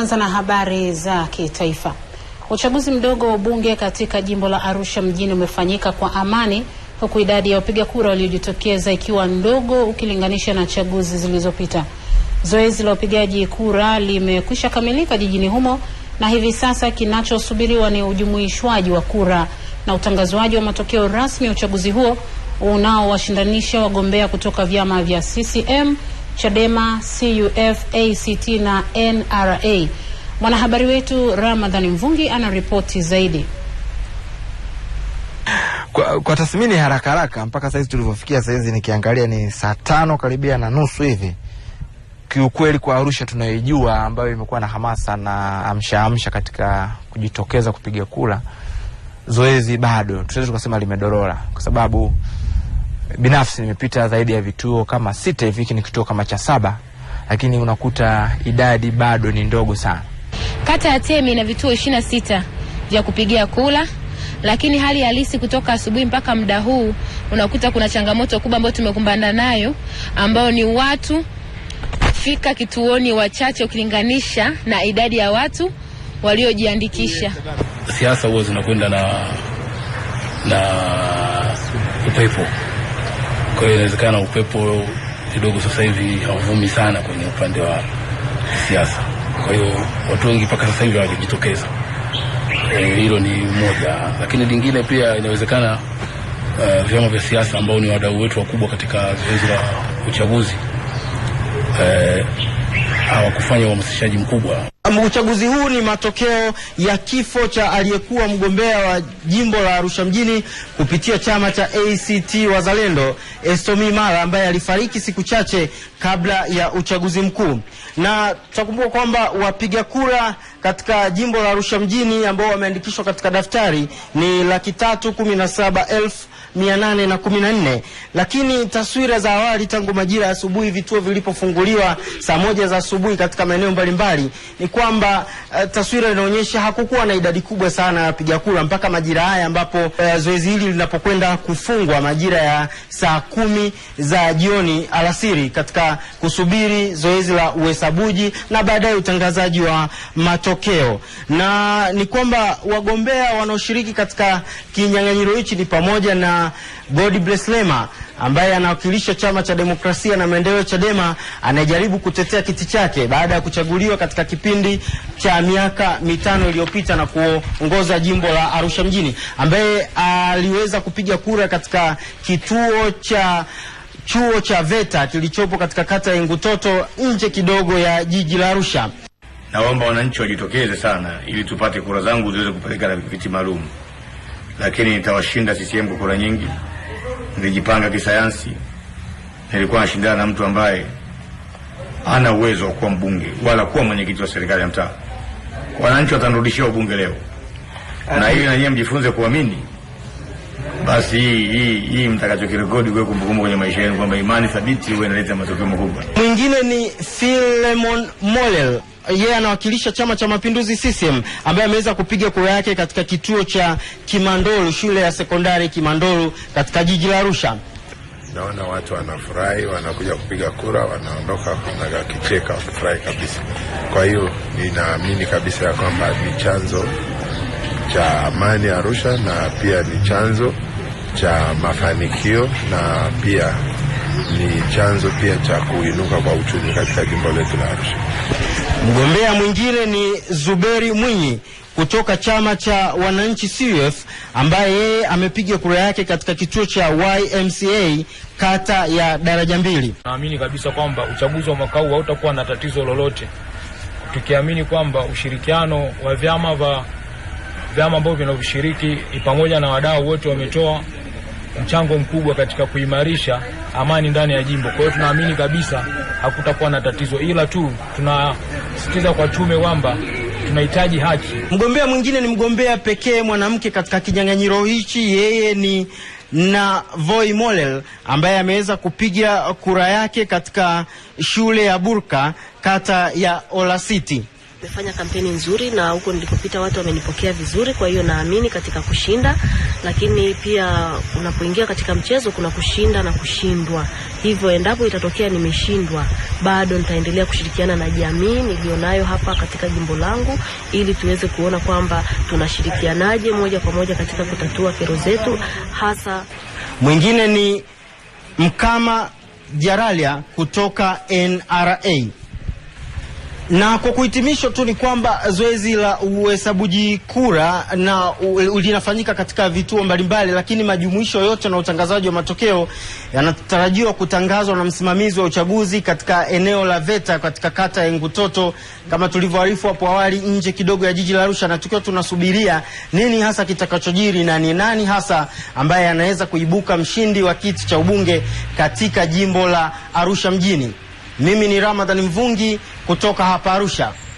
Tunaanza na habari za kitaifa. Uchaguzi mdogo wa bunge katika jimbo la Arusha mjini umefanyika kwa amani huku idadi ya wapiga kura waliojitokeza ikiwa ndogo ukilinganisha na chaguzi zilizopita. Zoezi la upigaji kura limekwisha kamilika jijini humo na hivi sasa kinachosubiriwa ni ujumuishwaji wa kura na utangazwaji wa matokeo rasmi ya uchaguzi huo unaowashindanisha wagombea kutoka vyama vya CCM Chadema, CUF, ACT na NRA. Mwanahabari wetu Ramadhani Mvungi ripoti zaidi. Kwa, kwa tathmini haraka haraka mpaka saizi tulivyofikia saizi nikiangalia ni saa tano karibia na nusu hivi kiukweli kwa Arusha tunayoijua ambayo imekuwa na hamasa na amsha amsha katika kujitokeza kupiga kura, zoezi bado tunaweza tukasema limedorora, kwa sababu Binafsi nimepita zaidi ya vituo kama sita hivi, hiki ni kituo kama cha saba, lakini unakuta idadi bado ni ndogo sana. Kata ya Temi ina vituo ishirini na sita vya kupigia kula, lakini hali halisi kutoka asubuhi mpaka muda huu unakuta kuna changamoto kubwa ambayo tumekumbana nayo, ambayo ni watu fika kituoni wachache ukilinganisha na idadi ya watu waliojiandikisha. Siasa huwa zinakwenda na, na upepo. Kwa hiyo inawezekana upepo kidogo sasa hivi hauvumi sana kwenye upande wa siasa, kwa hiyo watu wengi mpaka sasa hivi hawajajitokeza. Eh, hilo e, ni moja, lakini lingine pia inawezekana uh, vyama vya siasa ambao ni wadau wetu wakubwa katika zoezi la uchaguzi eh, hawakufanya uhamasishaji mkubwa. Uchaguzi huu ni matokeo ya kifo cha aliyekuwa mgombea wa jimbo la Arusha mjini kupitia chama cha ACT Wazalendo Estomi Mara ambaye alifariki siku chache kabla ya uchaguzi mkuu, na tutakumbuka kwamba wapiga kura katika jimbo la Arusha mjini ambao wameandikishwa katika daftari ni laki tatu kumi na saba elfu 814, lakini taswira za awali tangu majira ya asubuhi vituo vilipofunguliwa saa moja za asubuhi katika maeneo mbalimbali ni kwamba uh, taswira inaonyesha hakukuwa na idadi kubwa sana ya wapiga kura mpaka majira haya ambapo uh, zoezi hili linapokwenda kufungwa majira ya saa kumi za jioni alasiri katika kusubiri zoezi la uhesabuji na baadaye utangazaji wa matokeo. Na ni kwamba wagombea wanaoshiriki katika kinyang'anyiro hichi ni pamoja na godi Godbless Lema ambaye anawakilisha chama cha demokrasia na maendeleo Chadema anajaribu kutetea kiti chake baada ya kuchaguliwa katika kipindi cha miaka mitano iliyopita na kuongoza jimbo la Arusha mjini, ambaye aliweza kupiga kura katika kituo cha chuo cha VETA kilichopo katika kata ya Ngutoto nje kidogo ya jiji la Arusha. Naomba wananchi wajitokeze sana ili tupate kura zangu ziweze kupeleka na viti maalum lakini nitawashinda CCM kwa kura nyingi. Nilijipanga kisayansi, nilikuwa nashindana na mtu ambaye hana uwezo wa kuwa mbunge wala kuwa mwenyekiti wa serikali ya mtaa. Wananchi watanrudishia ubunge leo, na hiyo na nyinyi mjifunze kuamini. Basi hii hii hii mtakachokirekodi kwa kumbukumbu kwenye maisha yenu kwamba imani thabiti huwa inaleta matokeo makubwa. Mwingine ni Philemon Molel yeye anawakilisha Chama cha Mapinduzi CCM ambaye ameweza kupiga kura yake katika kituo cha Kimandolu, shule ya sekondari Kimandolu katika jiji la Arusha. Naona watu wanafurahi, wanakuja kupiga kura, wanaondoka kicheka, wanafurahi kabisa. Kwa hiyo ninaamini kabisa ya kwamba ni chanzo cha amani Arusha na pia ni chanzo cha mafanikio na pia ni chanzo pia cha kuinuka kwa uchumi katika jimbo letu la Arusha. Mgombea mwingine ni Zuberi Mwinyi kutoka chama cha wananchi CUF ambaye yeye amepiga kura yake katika kituo cha YMCA kata ya Daraja Mbili. Naamini kabisa kwamba uchaguzi wa mwaka huu hautakuwa na tatizo lolote, tukiamini kwamba ushirikiano wa vyama vya vyama ambavyo vinavyoshiriki pamoja na wadau wote wametoa mchango mkubwa katika kuimarisha amani ndani ya jimbo. Kwa hiyo tunaamini kabisa hakutakuwa na tatizo, ila tu tuna kusitiza kwa tume kwamba tunahitaji haki. Mgombea mwingine ni mgombea pekee mwanamke katika kinyang'anyiro hichi, yeye ni na Voi Molel ambaye ameweza kupiga kura yake katika shule ya Burka kata ya Olasiti. Tumefanya kampeni nzuri na huko nilipopita watu wamenipokea vizuri, kwa hiyo naamini katika kushinda, lakini pia unapoingia katika mchezo kuna kushinda na kushindwa. Hivyo endapo itatokea nimeshindwa, bado nitaendelea kushirikiana na jamii nilionayo hapa katika jimbo langu, ili tuweze kuona kwamba tunashirikianaje moja kwa moja katika kutatua kero zetu. Hasa mwingine ni Mkama Jaralia kutoka NRA. Na kwa kuhitimisho tu ni kwamba zoezi la uhesabuji kura na linafanyika katika vituo mbalimbali, lakini majumuisho yote na utangazaji wa matokeo yanatarajiwa kutangazwa na msimamizi wa uchaguzi katika eneo la VETA katika kata ya Ngutoto, kama tulivyoarifu hapo awali, nje kidogo ya jiji la Arusha, na tukiwa tunasubiria nini hasa kitakachojiri na ni nani hasa ambaye anaweza kuibuka mshindi wa kiti cha ubunge katika jimbo la Arusha mjini. Mimi ni Ramadhani Mvungi kutoka hapa Arusha.